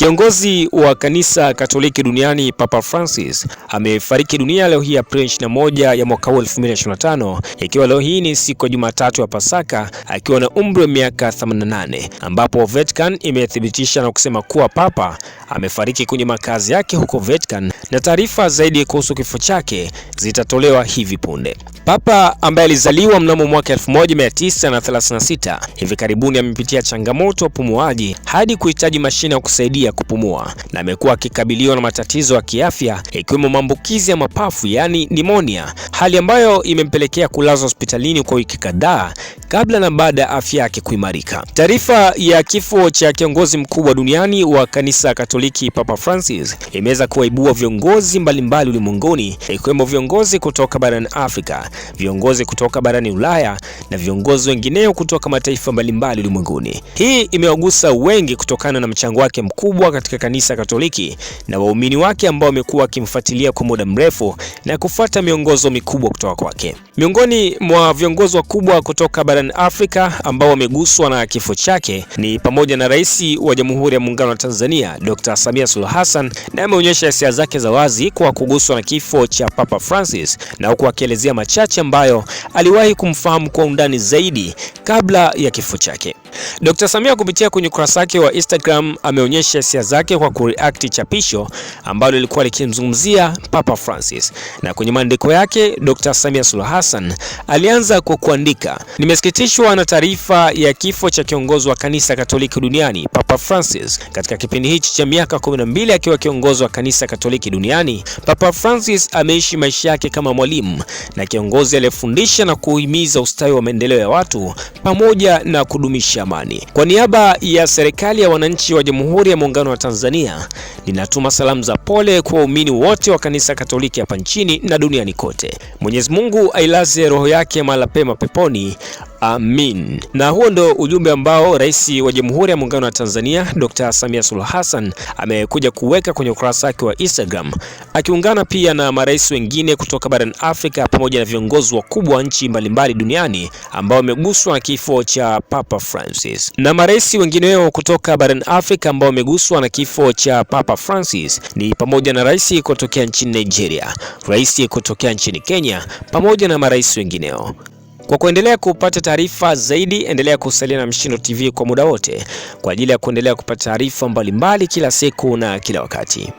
Kiongozi wa kanisa Katoliki duniani Papa Francis amefariki dunia leo hii Aprili 21 ya mwaka huu 2025, ikiwa leo hii ni siku ya Jumatatu ya Pasaka, akiwa na umri wa miaka 88, ambapo Vatican imethibitisha na kusema kuwa Papa amefariki kwenye makazi yake huko Vatican na taarifa zaidi kuhusu kifo chake zitatolewa hivi punde. Papa ambaye alizaliwa mnamo mwaka 1936 hivi karibuni amepitia changamoto ya upumuaji hadi kuhitaji mashine ya kusaidia kupumua na amekuwa akikabiliwa na matatizo ya kiafya ikiwemo maambukizi ya mapafu yaani nimonia, hali ambayo imempelekea kulazwa hospitalini kwa wiki kadhaa kabla na baada ya afya yake kuimarika. Taarifa ya kifo cha kiongozi mkubwa duniani wa kanisa Katoliki Papa Francis imeweza kuwaibua viongozi mbalimbali ulimwenguni, ikiwemo viongozi kutoka barani Afrika, viongozi kutoka barani Ulaya na viongozi wengineo kutoka mataifa mbalimbali ulimwenguni. Hii imewagusa wengi kutokana na mchango wake mkubwa katika kanisa Katoliki na waumini wake ambao wamekuwa wakimfuatilia kwa muda mrefu na kufuata miongozo mikubwa kutoka kwake. Miongoni mwa viongozi wakubwa kutoka barani Afrika ambao wameguswa na kifo chake ni pamoja na Rais wa Jamhuri ya Muungano wa Tanzania Dr. Samia Suluhu Hassan, na ameonyesha hisia zake za wazi kwa kuguswa na kifo cha Papa Francis, na huku akielezea machache ambayo aliwahi kumfahamu kwa undani zaidi kabla ya kifo chake. Dr. Samia kupitia kwenye ukurasa wake wa Instagram ameonyesha hisia zake kwa kureact chapisho ambalo lilikuwa likimzungumzia Papa Francis. Na kwenye maandiko yake, Dr. Samia Suluhu Hassan alianza kwa kuandika, nimesikitishwa na taarifa ya kifo cha kiongozi wa kanisa Katoliki duniani Papa Francis. Katika kipindi hichi cha miaka 12 akiwa kiongozi wa kanisa Katoliki duniani, Papa Francis ameishi maisha yake kama mwalimu na kiongozi aliyefundisha na kuhimiza ustawi wa maendeleo ya watu pamoja na kudumisha kurejesha amani. Kwa niaba ya serikali ya wananchi wa Jamhuri ya Muungano wa Tanzania, ninatuma salamu za pole kwa waumini wote wa kanisa Katoliki hapa nchini na duniani kote. Mwenyezi Mungu ailaze roho yake mahali pema peponi, Amin. Na huo ndo ujumbe ambao Rais wa Jamhuri ya Muungano wa Tanzania Dr. Samia Suluhu Hassan amekuja kuweka kwenye ukurasa wake wa Instagram akiungana pia na marais wengine kutoka barani Afrika pamoja na viongozi wakubwa wa nchi mbalimbali duniani ambao wameguswa na kifo cha Papa Francis. Na marais wengineo kutoka barani Afrika ambao wameguswa na kifo cha Papa Francis ni pamoja na rais kutokea nchini Nigeria, rais kutokea nchini Kenya pamoja na marais wengineo. Kwa kuendelea kupata taarifa zaidi, endelea kusalia na Mshindo TV kwa muda wote kwa ajili ya kuendelea kupata taarifa mbalimbali kila siku na kila wakati.